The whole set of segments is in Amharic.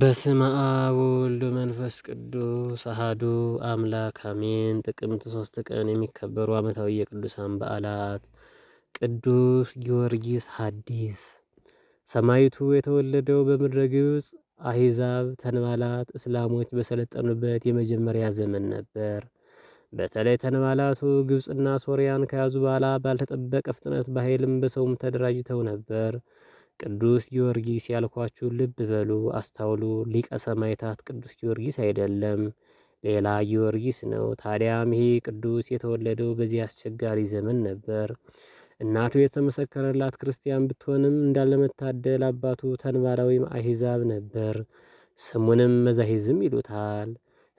በስመ አብ ወወልድ መንፈስ ቅዱስ አሃዱ አምላክ አሜን። ጥቅምት ሶስት ቀን የሚከበሩ ዓመታዊ የቅዱሳን በዓላት ቅዱስ ጊዮርጊስ ሐዲስ ሰማይቱ የተወለደው በምድረ ግብፅ አሂዛብ ተንባላት እስላሞች በሰለጠኑበት የመጀመሪያ ዘመን ነበር። በተለይ ተንባላቱ ግብፅና ሶሪያን ከያዙ በኋላ ባልተጠበቀ ፍጥነት በኃይልም በሰውም ተደራጅተው ነበር። ቅዱስ ጊዮርጊስ ያልኳችሁ ልብ በሉ አስታውሉ ሊቀ ሰማዕታት ቅዱስ ጊዮርጊስ አይደለም፣ ሌላ ጊዮርጊስ ነው። ታዲያም ይሄ ቅዱስ የተወለደው በዚህ አስቸጋሪ ዘመን ነበር። እናቱ የተመሰከረላት ክርስቲያን ብትሆንም እንዳለመታደል አባቱ ተንባራዊም አሂዛብ ነበር። ስሙንም መዛሂዝም ይሉታል።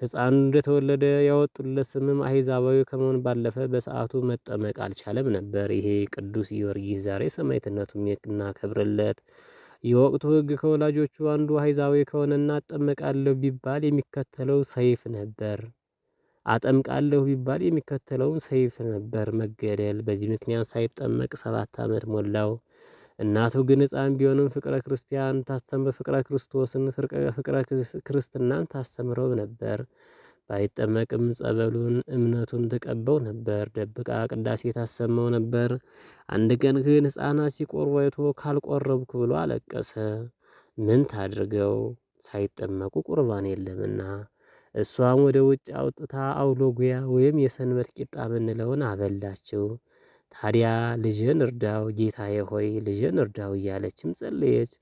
ሕፃኑ እንደተወለደ ያወጡለት ስምም አይዛባዊ ከመሆን ባለፈ በሰዓቱ መጠመቅ አልቻለም ነበር። ይሄ ቅዱስ ጊዮርጊስ ዛሬ ሰማዕትነቱን እናከብርለት። የወቅቱ ሕግ ከወላጆቹ አንዱ አይዛዊ ከሆነና አጠመቃለሁ ቢባል የሚከተለው ሰይፍ ነበር። አጠምቃለሁ ቢባል የሚከተለውን ሰይፍ ነበር መገደል። በዚህ ምክንያት ሳይጠመቅ ሰባት ዓመት ሞላው። እናቱ ግን ሕፃን ቢሆንም ፍቅረ ክርስቲያን ታስተምር ፍቅረ ክርስቶስን ፍቅረ ክርስትናን ታስተምረው ነበር። ባይጠመቅም ጸበሉን እምነቱን ተቀበው ነበር። ደብቃ ቅዳሴ ታሰማው ነበር። አንድ ቀን ግን ሕፃናት ሲቆርቡ አይቶ ካልቆረብኩ ብሎ አለቀሰ። ምን ታድርገው ሳይጠመቁ ቁርባን የለምና። እሷም ወደ ውጭ አውጥታ አውሎጉያ ወይም የሰንበት ቂጣ ምንለውን አበላችው። ታዲያ ልጅን እርዳው ጌታዬ ሆይ ልጅህን እርዳው እያለችም ጸለየች።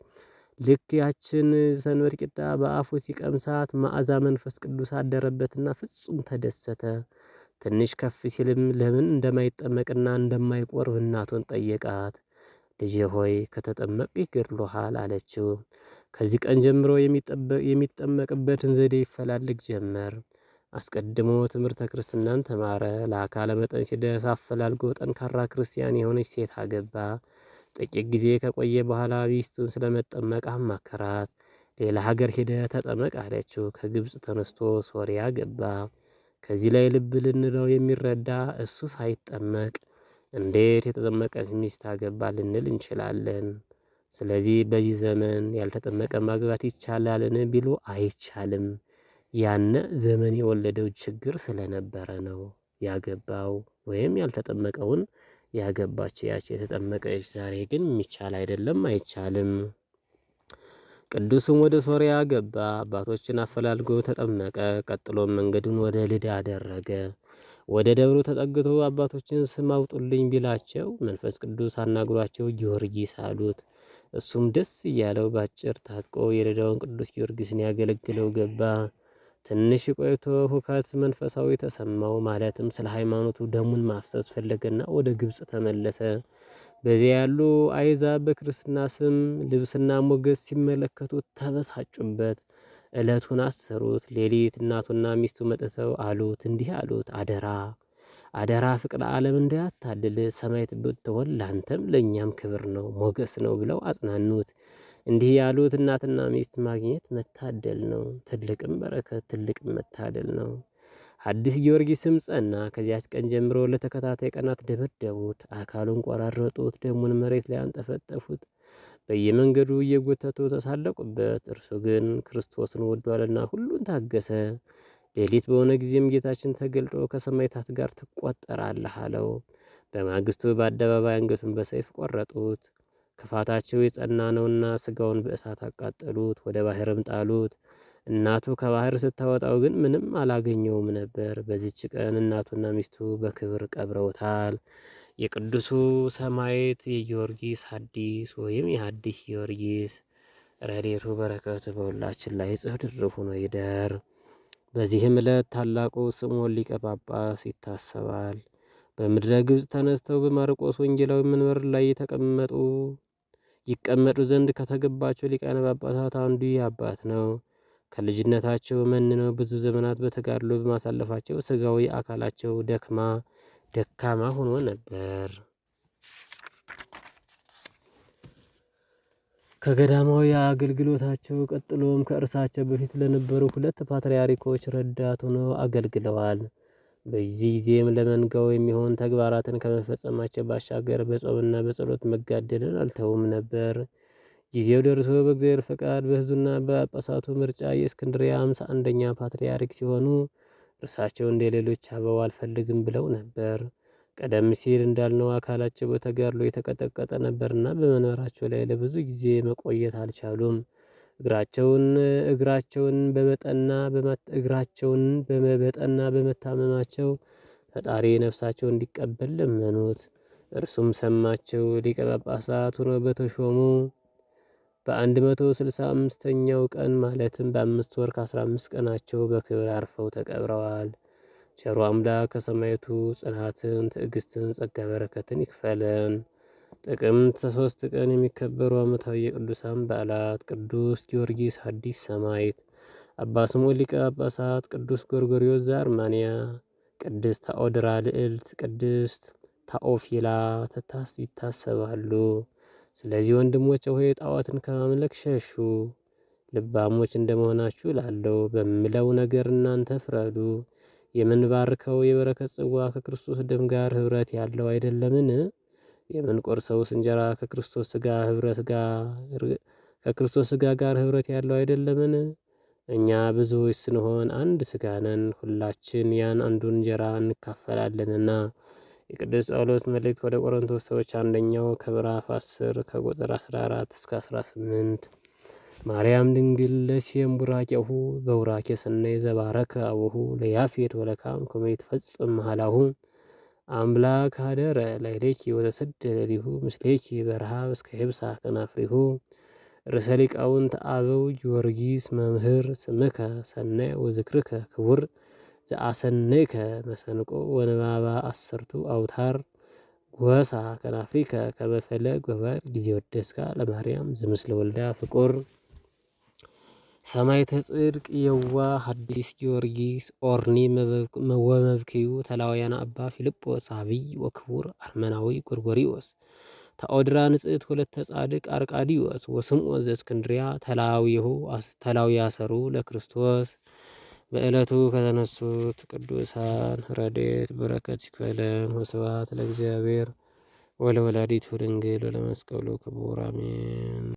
ልክ ያችን ሰንበት ቂጣ በአፉ ሲቀምሳት መዓዛ መንፈስ ቅዱስ አደረበትና ፍጹም ተደሰተ። ትንሽ ከፍ ሲልም ለምን እንደማይጠመቅና እንደማይቆርብ እናቱን ጠየቃት። ልጅ ሆይ ከተጠመቅ ይገድሎሃል አለችው። ከዚህ ቀን ጀምሮ የሚጠመቅበትን ዘዴ ይፈላልግ ጀመር። አስቀድሞ ትምህርተ ክርስትናን ተማረ። ለአካለ መጠን ሲደርስ አፈላልጎ ጠንካራ ክርስቲያን የሆነች ሴት አገባ። ጥቂት ጊዜ ከቆየ በኋላ ሚስቱን ስለመጠመቅ አማከራት። ሌላ ሀገር ሄደ ተጠመቅ አለችው። ከግብፅ ተነስቶ ሶሪያ ገባ። ከዚህ ላይ ልብ ልንለው የሚረዳ እሱ ሳይጠመቅ እንዴት የተጠመቀ ሚስት አገባ ልንል እንችላለን። ስለዚህ በዚህ ዘመን ያልተጠመቀ ማግባት ይቻላልን ቢሉ አይቻልም። ያነ ዘመን የወለደው ችግር ስለነበረ ነው ያገባው ወይም ያልተጠመቀውን ያገባች ያች የተጠመቀች። ዛሬ ግን የሚቻል አይደለም፣ አይቻልም። ቅዱስም ወደ ሶሪያ ገባ፣ አባቶችን አፈላልጎ ተጠመቀ። ቀጥሎም መንገዱን ወደ ልዳ አደረገ። ወደ ደብሩ ተጠግቶ አባቶችን ስም አውጡልኝ ቢላቸው መንፈስ ቅዱስ አናግሯቸው ጊዮርጊስ አሉት። እሱም ደስ እያለው በአጭር ታጥቆ የልዳውን ቅዱስ ጊዮርጊስን ያገለግለው ገባ። ትንሽ ቆይቶ ሁከት መንፈሳዊ ተሰማው። ማለትም ስለ ሃይማኖቱ ደሙን ማፍሰስ ፈለገና ወደ ግብፅ ተመለሰ። በዚያ ያሉ አይዛ በክርስትና ስም ልብስና ሞገስ ሲመለከቱት ተበሳጩበት። እለቱን አሰሩት። ሌሊት እናቱና ሚስቱ መጥተው አሉት፣ እንዲህ አሉት፣ አደራ አደራ ፍቅረ ዓለም እንዳያታልል ሰማዕት ብትሆን ላንተም ለእኛም ክብር ነው ሞገስ ነው ብለው አጽናኑት። እንዲህ ያሉት እናትና ሚስት ማግኘት መታደል ነው። ትልቅም በረከት ትልቅም መታደል ነው። አዲስ ጊዮርጊስም ጸና። ከዚያች ቀን ጀምሮ ለተከታታይ ቀናት ደበደቡት፣ አካሉን ቆራረጡት፣ ደሙን መሬት ላይ አንጠፈጠፉት፣ በየመንገዱ እየጎተቱ ተሳለቁበት። እርሱ ግን ክርስቶስን ወዷልና ሁሉን ታገሰ። ሌሊት በሆነ ጊዜም ጌታችን ተገልጦ ከሰማዕታት ጋር ትቆጠራለህ አለው። በማግስቱ በአደባባይ አንገቱን በሰይፍ ቆረጡት። ክፋታቸው የጸና ነውና ስጋውን በእሳት አቃጠሉት፣ ወደ ባህርም ጣሉት። እናቱ ከባህር ስታወጣው ግን ምንም አላገኘውም ነበር። በዚች ቀን እናቱና ሚስቱ በክብር ቀብረውታል። የቅዱሱ ሰማዕት የጊዮርጊስ ሐዲስ ወይም የሐዲስ ጊዮርጊስ ረድኤቱ በረከቱ በሁላችን ላይ ጽድር ሆኖ ይደር። በዚህም ዕለት ታላቁ ስምዖን ሊቀ ጳጳስ ይታሰባል። በምድረ ግብፅ ተነስተው በማርቆስ ወንጌላዊ መንበር ላይ የተቀመጡ ይቀመጡ ዘንድ ከተገባቸው ሊቃነ ጳጳሳት አንዱ ይህ አባት ነው። ከልጅነታቸው መንነው ብዙ ዘመናት በተጋድሎ በማሳለፋቸው ስጋዊ አካላቸው ደክማ ደካማ ሆኖ ነበር። ከገዳማዊ አገልግሎታቸው ቀጥሎም ከእርሳቸው በፊት ለነበሩ ሁለት ፓትርያርኮች ረዳት ሆነው አገልግለዋል። በዚህ ጊዜም ለመንጋው የሚሆን ተግባራትን ከመፈጸማቸው ባሻገር በጾምና በጸሎት መጋደልን አልተውም ነበር። ጊዜው ደርሶ በእግዚአብሔር ፈቃድ በሕዝቡና በጳጳሳቱ ምርጫ የእስክንድሪያ ሃምሳ አንደኛ ፓትርያርክ ሲሆኑ እርሳቸው እንደ ሌሎች አበው አልፈልግም ብለው ነበር። ቀደም ሲል እንዳልነው አካላቸው በተጋድሎ የተቀጠቀጠ ነበርና በመንበራቸው ላይ ለብዙ ጊዜ መቆየት አልቻሉም። እግራቸውን እግራቸውን በመጠና እግራቸውን በመጠና በመታመማቸው ፈጣሪ ነፍሳቸው እንዲቀበል ለመኑት። እርሱም ሰማቸው። ሊቀ ጳጳሳት ሆኖ በተሾሙ በአንድ መቶ ስልሳ አምስተኛው ቀን ማለትም በአምስት ወር ከአስራ አምስት ቀናቸው በክብር አርፈው ተቀብረዋል። ቸሩ አምላክ ከሰማይቱ ጽናትን፣ ትዕግስትን፣ ጸጋ በረከትን ይክፈለን። ጥቅምት ሶስት ቀን የሚከበሩ ዓመታዊ የቅዱሳን በዓላት ቅዱስ ጊዮርጊስ አዲስ ሰማዕት፣ አባ ስሙኤል ሊቀ ጳጳሳት፣ ቅዱስ ጎርጎርዮስ ዘአርማንያ፣ ቅድስት ታኦድራ ልዕልት፣ ቅድስት ታኦፊላ ተታስ ይታሰባሉ። ስለዚህ ወንድሞች ሆይ ጣዖትን ከማምለክ ሸሹ። ልባሞች እንደመሆናችሁ ላለው በምለው ነገር እናንተ ፍረዱ። የምንባርከው የበረከት ጽዋ ከክርስቶስ ደም ጋር ኅብረት ያለው አይደለምን? የምንቆርሰውስ እንጀራ ከክርስቶስ ስጋ ህብረት ጋር ከክርስቶስ ስጋ ጋር ህብረት ያለው አይደለምን? እኛ ብዙዎች ስንሆን አንድ ስጋ ነን፣ ሁላችን ያን አንዱን እንጀራ እንካፈላለንና። የቅዱስ ጳውሎስ መልእክት ወደ ቆሮንቶስ ሰዎች አንደኛው ከምዕራፍ 10 ከቁጥር 14 እስከ 18 ማርያም ድንግል ለሲየም ቡራኬሁ በውራኬ ስናይ ዘባረከ አቡሁ ለያፌት ወለካም ከመ ይትፈጽም መሃላሁ አምላክ ሀደረ ላዕሌኪ ወተሰደደ ሊሁ ምስሌኪ በረሃብ እስከ ህብሳ ከናፍሪሁ ርዕሰ ሊቃውንት አበው ጊዮርጊስ መምህር ስምከ ሰናይ ወዝክርከ ክቡር ዘአሰነይከ መሰንቆ ወንባባ አሰርቱ አውታር ጎሳ ከናፍሪከ ከመፈለግ በባል ጊዜ ወደስካ ለማርያም ዝምስለ ወልዳ ፍቁር ሰማይ ጽድቅ የዋ ሐዲስ ጊዮርጊስ ኦርኒ ወመብክዩ ተላውያን አባ ፊልጶስ አብይ ወክቡር አርመናዊ ጎርጎሪዎስ ተኦድራ ንጽሕት ሁለተ ጻድቅ አርቃዲዎስ ወስምዖን ዘእስክንድርያ ተላዊሁ አሰሩ ለክርስቶስ። በዕለቱ ከተነሱት ቅዱሳን ረድኤት በረከት ይክፈለን። ወስብሐት ለእግዚአብሔር ወለወላዲቱ ድንግል ወለመስቀሉ ክቡር አሜን።